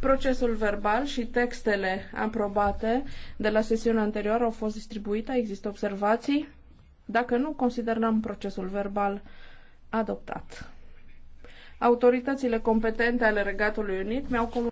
Procesul verbal și textele aprobate de la sesiunea anterioară au fost distribuite. Există observații? Dacă nu, considerăm procesul verbal adoptat. Autoritățile competente ale Regatului Unit mi-au comunicat